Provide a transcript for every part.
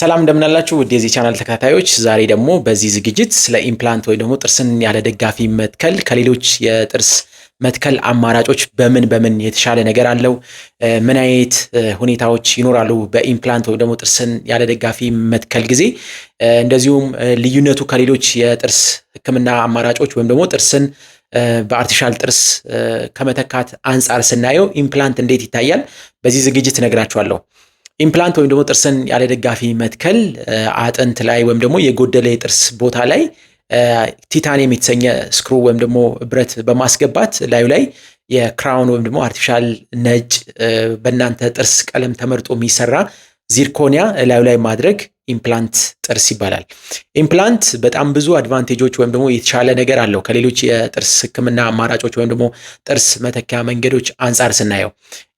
ሰላም እንደምናላችሁ ውድ የዚህ ቻናል ተከታታዮች፣ ዛሬ ደግሞ በዚህ ዝግጅት ስለ ኢምፕላንት ወይ ደግሞ ጥርስን ያለ ደጋፊ መትከል ከሌሎች የጥርስ መትከል አማራጮች በምን በምን የተሻለ ነገር አለው፣ ምን አይነት ሁኔታዎች ይኖራሉ በኢምፕላንት ወይ ደግሞ ጥርስን ያለ ደጋፊ መትከል ጊዜ፣ እንደዚሁም ልዩነቱ ከሌሎች የጥርስ ሕክምና አማራጮች ወይም ደግሞ ጥርስን በአርቲፊሻል ጥርስ ከመተካት አንጻር ስናየው ኢምፕላንት እንዴት ይታያል፣ በዚህ ዝግጅት እነግራችኋለሁ። ኢምፕላንት ወይም ደግሞ ጥርስን ያለ ደጋፊ መትከል አጥንት ላይ ወይም ደግሞ የጎደለ የጥርስ ቦታ ላይ ቲታኒየም የተሰኘ ስክሩ ወይም ደግሞ ብረት በማስገባት ላዩ ላይ የክራውን ወይም ደግሞ አርቲፊሻል ነጭ በእናንተ ጥርስ ቀለም ተመርጦ የሚሰራ ዚርኮኒያ እላዩ ላይ ማድረግ ኢምፕላንት ጥርስ ይባላል። ኢምፕላንት በጣም ብዙ አድቫንቴጆች ወይም ደግሞ የተሻለ ነገር አለው ከሌሎች የጥርስ ሕክምና አማራጮች ወይም ደግሞ ጥርስ መተኪያ መንገዶች አንጻር ስናየው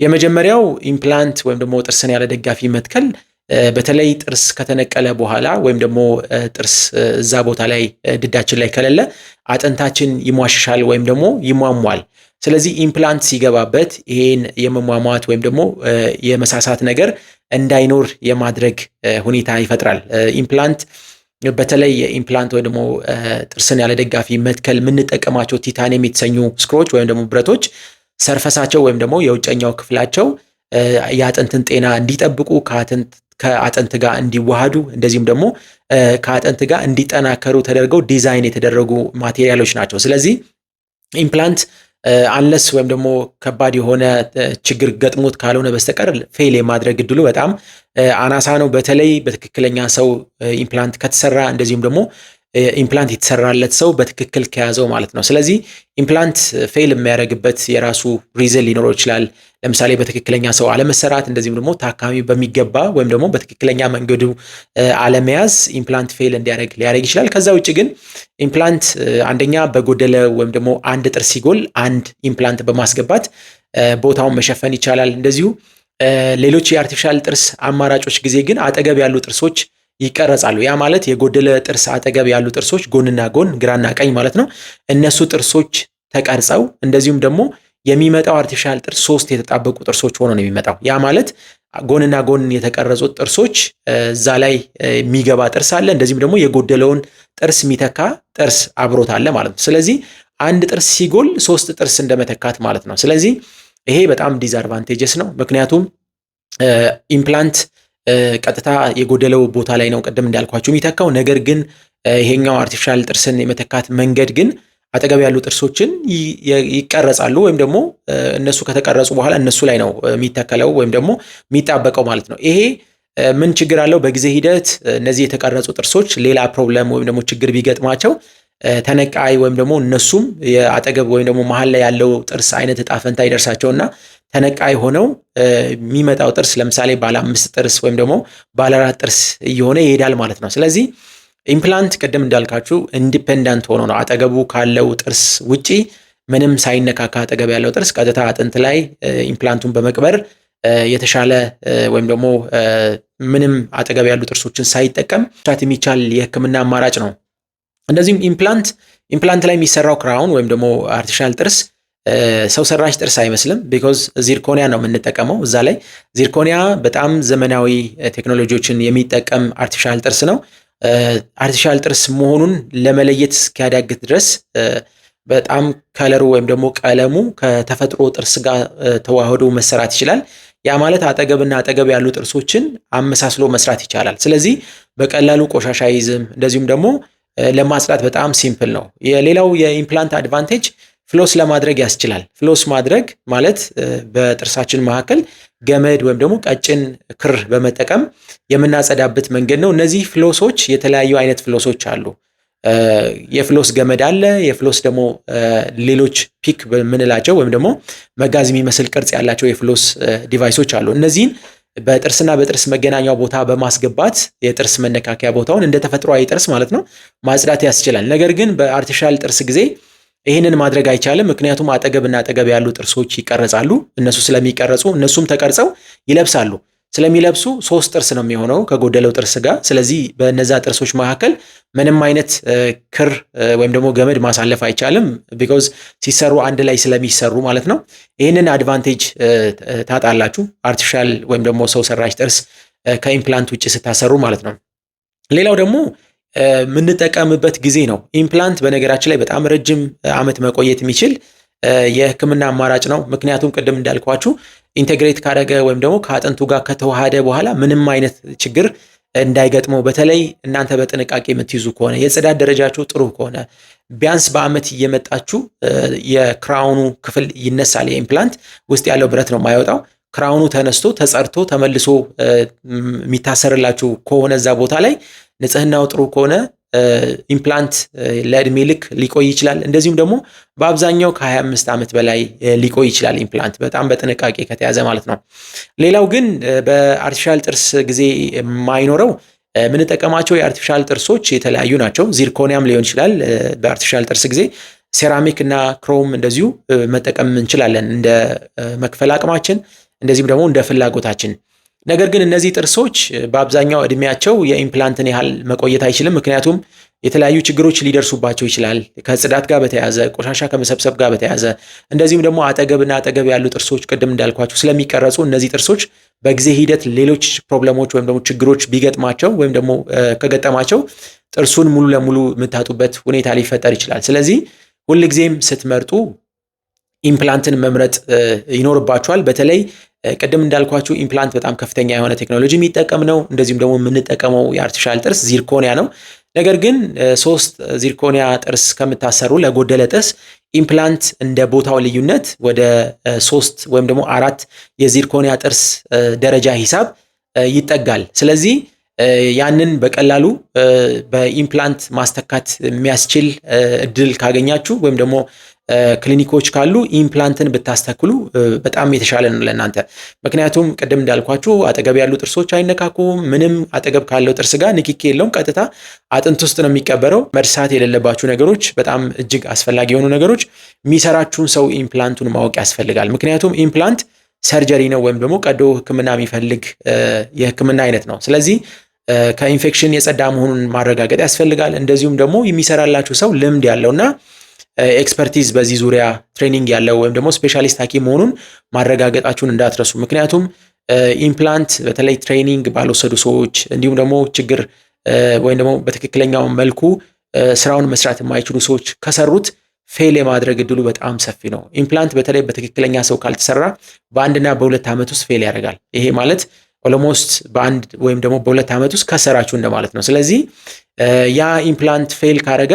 የመጀመሪያው ኢምፕላንት ወይም ደግሞ ጥርስን ያለ ደጋፊ መትከል በተለይ ጥርስ ከተነቀለ በኋላ ወይም ደግሞ ጥርስ እዛ ቦታ ላይ ድዳችን ላይ ከሌለ አጥንታችን ይሟሽሻል ወይም ደግሞ ይሟሟል። ስለዚህ ኢምፕላንት ሲገባበት ይሄን የመሟሟት ወይም ደግሞ የመሳሳት ነገር እንዳይኖር የማድረግ ሁኔታ ይፈጥራል። ኢምፕላንት በተለይ የኢምፕላንት ወይ ደግሞ ጥርስን ያለ ደጋፊ መትከል የምንጠቀማቸው ቲታኒየም የተሰኙ ስክሮች ወይም ደግሞ ብረቶች ሰርፈሳቸው ወይም ደግሞ የውጨኛው ክፍላቸው የአጥንትን ጤና እንዲጠብቁ ከአጥንት ጋር እንዲዋሃዱ እንደዚሁም ደግሞ ከአጥንት ጋር እንዲጠናከሩ ተደርገው ዲዛይን የተደረጉ ማቴሪያሎች ናቸው። ስለዚህ ኢምፕላንት አንለስ ወይም ደግሞ ከባድ የሆነ ችግር ገጥሞት ካልሆነ በስተቀር ፌል የማድረግ እድሉ በጣም አናሳ ነው። በተለይ በትክክለኛ ሰው ኢምፕላንት ከተሰራ እንደዚሁም ደግሞ ኢምፕላንት የተሰራለት ሰው በትክክል ከያዘው ማለት ነው። ስለዚህ ኢምፕላንት ፌል የሚያደርግበት የራሱ ሪዝን ሊኖረው ይችላል። ለምሳሌ በትክክለኛ ሰው አለመሰራት፣ እንደዚሁም ደግሞ ታካሚ በሚገባ ወይም ደግሞ በትክክለኛ መንገዱ አለመያዝ ኢምፕላንት ፌል እንዲያደርግ ሊያደርግ ይችላል። ከዛ ውጭ ግን ኢምፕላንት አንደኛ በጎደለ ወይም ደግሞ አንድ ጥርስ ሲጎል አንድ ኢምፕላንት በማስገባት ቦታውን መሸፈን ይቻላል። እንደዚሁ ሌሎች የአርቲፊሻል ጥርስ አማራጮች ጊዜ ግን አጠገብ ያሉ ጥርሶች ይቀረጻሉ። ያ ማለት የጎደለ ጥርስ አጠገብ ያሉ ጥርሶች ጎንና ጎን ግራና ቀኝ ማለት ነው። እነሱ ጥርሶች ተቀርጸው እንደዚሁም ደግሞ የሚመጣው አርቲፊሻል ጥርስ ሶስት የተጣበቁ ጥርሶች ሆኖ ነው የሚመጣው። ያ ማለት ጎንና ጎን የተቀረጹት ጥርሶች እዛ ላይ የሚገባ ጥርስ አለ፣ እንደዚሁም ደግሞ የጎደለውን ጥርስ የሚተካ ጥርስ አብሮት አለ ማለት ነው። ስለዚህ አንድ ጥርስ ሲጎል ሶስት ጥርስ እንደመተካት ማለት ነው። ስለዚህ ይሄ በጣም ዲስአድቫንቴጀስ ነው፣ ምክንያቱም ኢምፕላንት ቀጥታ የጎደለው ቦታ ላይ ነው ቅድም እንዳልኳችሁ የሚተካው። ነገር ግን ይሄኛው አርቲፊሻል ጥርስን የመተካት መንገድ ግን አጠገብ ያሉ ጥርሶችን ይቀረጻሉ ወይም ደግሞ እነሱ ከተቀረጹ በኋላ እነሱ ላይ ነው የሚተከለው ወይም ደግሞ የሚጣበቀው ማለት ነው። ይሄ ምን ችግር አለው? በጊዜ ሂደት እነዚህ የተቀረጹ ጥርሶች ሌላ ፕሮብለም ወይም ደግሞ ችግር ቢገጥማቸው ተነቃይ ወይም ደግሞ እነሱም የአጠገብ ወይም ደግሞ መሀል ላይ ያለው ጥርስ አይነት እጣ ፈንታ ይደርሳቸውና ተነቃይ ሆነው የሚመጣው ጥርስ ለምሳሌ ባለ አምስት ጥርስ ወይም ደግሞ ባለ አራት ጥርስ እየሆነ ይሄዳል ማለት ነው። ስለዚህ ኢምፕላንት ቅድም እንዳልካችሁ ኢንዲፔንዳንት ሆኖ ነው አጠገቡ ካለው ጥርስ ውጪ ምንም ሳይነካካ አጠገብ ያለው ጥርስ ቀጥታ አጥንት ላይ ኢምፕላንቱን በመቅበር የተሻለ ወይም ደግሞ ምንም አጠገብ ያሉ ጥርሶችን ሳይጠቀም ቻት የሚቻል የህክምና አማራጭ ነው። እንደዚሁም ኢምፕላንት ኢምፕላንት ላይ የሚሰራው ክራውን ወይም ደግሞ አርቲፊሻል ጥርስ ሰው ሰራሽ ጥርስ አይመስልም። ቢኮዝ ዚርኮኒያ ነው የምንጠቀመው እዛ ላይ። ዚርኮኒያ በጣም ዘመናዊ ቴክኖሎጂዎችን የሚጠቀም አርቲፊሻል ጥርስ ነው። አርቲፊሻል ጥርስ መሆኑን ለመለየት እስኪያዳግት ድረስ በጣም ከለሩ ወይም ደግሞ ቀለሙ ከተፈጥሮ ጥርስ ጋር ተዋህዶ መሰራት ይችላል። ያ ማለት አጠገብና አጠገብ ያሉ ጥርሶችን አመሳስሎ መስራት ይቻላል። ስለዚህ በቀላሉ ቆሻሻ አይዝም። እንደዚሁም ደግሞ ለማጽዳት በጣም ሲምፕል ነው። የሌላው የኢምፕላንት አድቫንቴጅ ፍሎስ ለማድረግ ያስችላል። ፍሎስ ማድረግ ማለት በጥርሳችን መካከል ገመድ ወይም ደግሞ ቀጭን ክር በመጠቀም የምናጸዳበት መንገድ ነው። እነዚህ ፍሎሶች የተለያዩ አይነት ፍሎሶች አሉ። የፍሎስ ገመድ አለ። የፍሎስ ደግሞ ሌሎች ፒክ በምንላቸው ወይም ደግሞ መጋዝ የሚመስል ቅርጽ ያላቸው የፍሎስ ዲቫይሶች አሉ። እነዚህን በጥርስና በጥርስ መገናኛ ቦታ በማስገባት የጥርስ መነካከያ ቦታውን እንደ ተፈጥሯዊ ጥርስ ማለት ነው ማጽዳት ያስችላል። ነገር ግን በአርቲፊሻል ጥርስ ጊዜ ይህንን ማድረግ አይቻልም። ምክንያቱም አጠገብና አጠገብ ያሉ ጥርሶች ይቀረጻሉ። እነሱ ስለሚቀረጹ እነሱም ተቀርጸው ይለብሳሉ። ስለሚለብሱ ሶስት ጥርስ ነው የሚሆነው ከጎደለው ጥርስ ጋር። ስለዚህ በነዛ ጥርሶች መካከል ምንም አይነት ክር ወይም ደግሞ ገመድ ማሳለፍ አይቻልም፣ ቢኮዝ ሲሰሩ አንድ ላይ ስለሚሰሩ ማለት ነው። ይህንን አድቫንቴጅ ታጣላችሁ፣ አርቲፊሻል ወይም ደግሞ ሰው ሰራሽ ጥርስ ከኢምፕላንት ውጭ ስታሰሩ ማለት ነው። ሌላው ደግሞ የምንጠቀምበት ጊዜ ነው። ኢምፕላንት በነገራችን ላይ በጣም ረጅም ዓመት መቆየት የሚችል የህክምና አማራጭ ነው። ምክንያቱም ቅድም እንዳልኳችሁ ኢንቴግሬት ካደረገ ወይም ደግሞ ከአጥንቱ ጋር ከተዋሃደ በኋላ ምንም አይነት ችግር እንዳይገጥመው በተለይ እናንተ በጥንቃቄ የምትይዙ ከሆነ የጽዳት ደረጃችሁ ጥሩ ከሆነ ቢያንስ በዓመት እየመጣችሁ የክራውኑ ክፍል ይነሳል። የኢምፕላንት ውስጥ ያለው ብረት ነው የማይወጣው። ክራውኑ ተነስቶ ተጸርቶ ተመልሶ የሚታሰርላችሁ ከሆነ እዛ ቦታ ላይ ንጽህናው ጥሩ ከሆነ ኢምፕላንት ለእድሜ ልክ ሊቆይ ይችላል። እንደዚሁም ደግሞ በአብዛኛው ከ25 ዓመት በላይ ሊቆይ ይችላል ኢምፕላንት በጣም በጥንቃቄ ከተያዘ ማለት ነው። ሌላው ግን በአርቲፊሻል ጥርስ ጊዜ የማይኖረው የምንጠቀማቸው የአርቲፊሻል ጥርሶች የተለያዩ ናቸው። ዚርኮኒያም ሊሆን ይችላል በአርቲፊሻል ጥርስ ጊዜ ሴራሚክ እና ክሮም እንደዚሁ መጠቀም እንችላለን እንደ መክፈል አቅማችን እንደዚሁም ደግሞ እንደ ፍላጎታችን ነገር ግን እነዚህ ጥርሶች በአብዛኛው እድሜያቸው የኢምፕላንትን ያህል መቆየት አይችልም። ምክንያቱም የተለያዩ ችግሮች ሊደርሱባቸው ይችላል። ከጽዳት ጋር በተያዘ ቆሻሻ ከመሰብሰብ ጋር በተያዘ እንደዚሁም ደግሞ አጠገብና አጠገብ ያሉ ጥርሶች ቅድም እንዳልኳቸው ስለሚቀረጹ እነዚህ ጥርሶች በጊዜ ሂደት ሌሎች ፕሮብለሞች ወይም ደግሞ ችግሮች ቢገጥማቸው ወይም ደግሞ ከገጠማቸው ጥርሱን ሙሉ ለሙሉ የምታጡበት ሁኔታ ሊፈጠር ይችላል። ስለዚህ ሁልጊዜም ስትመርጡ ኢምፕላንትን መምረጥ ይኖርባቸዋል በተለይ ቅድም እንዳልኳችሁ ኢምፕላንት በጣም ከፍተኛ የሆነ ቴክኖሎጂ የሚጠቀም ነው። እንደዚሁም ደግሞ የምንጠቀመው የአርቲፊሻል ጥርስ ዚርኮኒያ ነው። ነገር ግን ሶስት ዚርኮኒያ ጥርስ ከምታሰሩ ለጎደለ ጥርስ ኢምፕላንት እንደ ቦታው ልዩነት ወደ ሶስት ወይም ደግሞ አራት የዚርኮኒያ ጥርስ ደረጃ ሂሳብ ይጠጋል። ስለዚህ ያንን በቀላሉ በኢምፕላንት ማስተካት የሚያስችል እድል ካገኛችሁ ወይም ደግሞ ክሊኒኮች ካሉ ኢምፕላንትን ብታስተክሉ በጣም የተሻለ ነው ለእናንተ። ምክንያቱም ቅድም እንዳልኳችሁ አጠገብ ያሉ ጥርሶች አይነካኩም። ምንም አጠገብ ካለው ጥርስ ጋር ንክኪ የለውም። ቀጥታ አጥንት ውስጥ ነው የሚቀበረው። መርሳት የሌለባችሁ ነገሮች፣ በጣም እጅግ አስፈላጊ የሆኑ ነገሮች፣ የሚሰራችሁን ሰው ኢምፕላንቱን ማወቅ ያስፈልጋል። ምክንያቱም ኢምፕላንት ሰርጀሪ ነው ወይም ደግሞ ቀዶ ሕክምና የሚፈልግ የሕክምና አይነት ነው። ስለዚህ ከኢንፌክሽን የጸዳ መሆኑን ማረጋገጥ ያስፈልጋል። እንደዚሁም ደግሞ የሚሰራላችሁ ሰው ልምድ ያለውና ኤክስፐርቲዝ በዚህ ዙሪያ ትሬኒንግ ያለው ወይም ደግሞ ስፔሻሊስት ሐኪም መሆኑን ማረጋገጣችሁን እንዳትረሱ። ምክንያቱም ኢምፕላንት በተለይ ትሬኒንግ ባልወሰዱ ሰዎች እንዲሁም ደግሞ ችግር ወይም ደግሞ በትክክለኛው መልኩ ስራውን መስራት የማይችሉ ሰዎች ከሰሩት ፌል የማድረግ እድሉ በጣም ሰፊ ነው። ኢምፕላንት በተለይ በትክክለኛ ሰው ካልተሰራ በአንድና በሁለት ዓመት ውስጥ ፌል ያደርጋል። ይሄ ማለት ኦሎሞስት በአንድ ወይም ደግሞ በሁለት ዓመት ውስጥ ከሰራችሁ እንደማለት ነው። ስለዚህ ያ ኢምፕላንት ፌል ካደረገ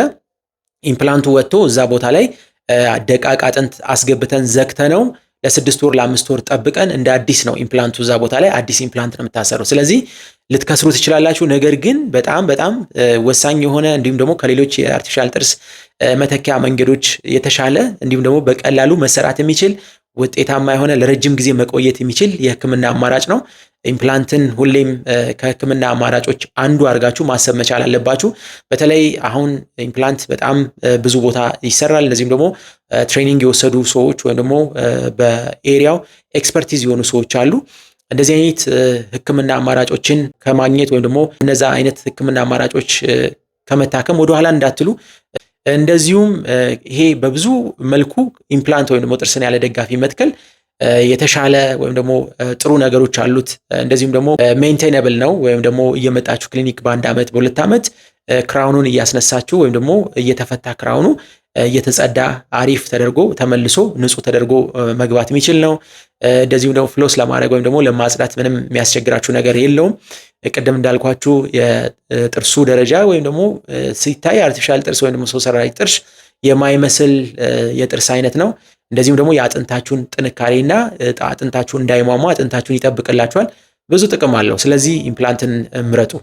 ኢምፕላንቱ ወጥቶ እዛ ቦታ ላይ ደቃቅ አጥንት አስገብተን ዘግተ ነው ለስድስት ወር ለአምስት ወር ጠብቀን እንደ አዲስ ነው ኢምፕላንቱ እዛ ቦታ ላይ አዲስ ኢምፕላንት ነው የምታሰረው። ስለዚህ ልትከስሩ ትችላላችሁ። ነገር ግን በጣም በጣም ወሳኝ የሆነ እንዲሁም ደግሞ ከሌሎች የአርቲፊሻል ጥርስ መተኪያ መንገዶች የተሻለ እንዲሁም ደግሞ በቀላሉ መሰራት የሚችል ውጤታማ የሆነ ለረጅም ጊዜ መቆየት የሚችል የህክምና አማራጭ ነው። ኢምፕላንትን ሁሌም ከህክምና አማራጮች አንዱ አድርጋችሁ ማሰብ መቻል አለባችሁ። በተለይ አሁን ኢምፕላንት በጣም ብዙ ቦታ ይሰራል። እነዚህም ደግሞ ትሬኒንግ የወሰዱ ሰዎች ወይም ደግሞ በኤሪያው ኤክስፐርቲዝ የሆኑ ሰዎች አሉ። እንደዚህ አይነት ህክምና አማራጮችን ከማግኘት ወይም ደግሞ እነዛ አይነት ህክምና አማራጮች ከመታከም ወደኋላ እንዳትሉ እንደዚሁም ይሄ በብዙ መልኩ ኢምፕላንት ወይም ደግሞ ጥርስን ያለ ደጋፊ መትከል የተሻለ ወይም ደግሞ ጥሩ ነገሮች አሉት። እንደዚሁም ደግሞ ሜንቴነብል ነው ወይም ደግሞ እየመጣችሁ ክሊኒክ በአንድ ዓመት በሁለት ዓመት ክራውኑን እያስነሳችሁ ወይም ደግሞ እየተፈታ ክራውኑ እየተጸዳ አሪፍ ተደርጎ ተመልሶ ንጹህ ተደርጎ መግባት የሚችል ነው። እንደዚሁም ደግሞ ፍሎስ ለማድረግ ወይም ደግሞ ለማጽዳት ምንም የሚያስቸግራችሁ ነገር የለውም። ቅድም እንዳልኳችሁ የጥርሱ ደረጃ ወይም ደግሞ ሲታይ አርቲፊሻል ጥርስ ወይም ደግሞ ሰው ሰራሽ ጥርስ የማይመስል የጥርስ አይነት ነው። እንደዚሁም ደግሞ የአጥንታችሁን ጥንካሬና አጥንታችሁን እንዳይሟሟ አጥንታችሁን ይጠብቅላችኋል። ብዙ ጥቅም አለው። ስለዚህ ኢምፕላንትን ምረጡ።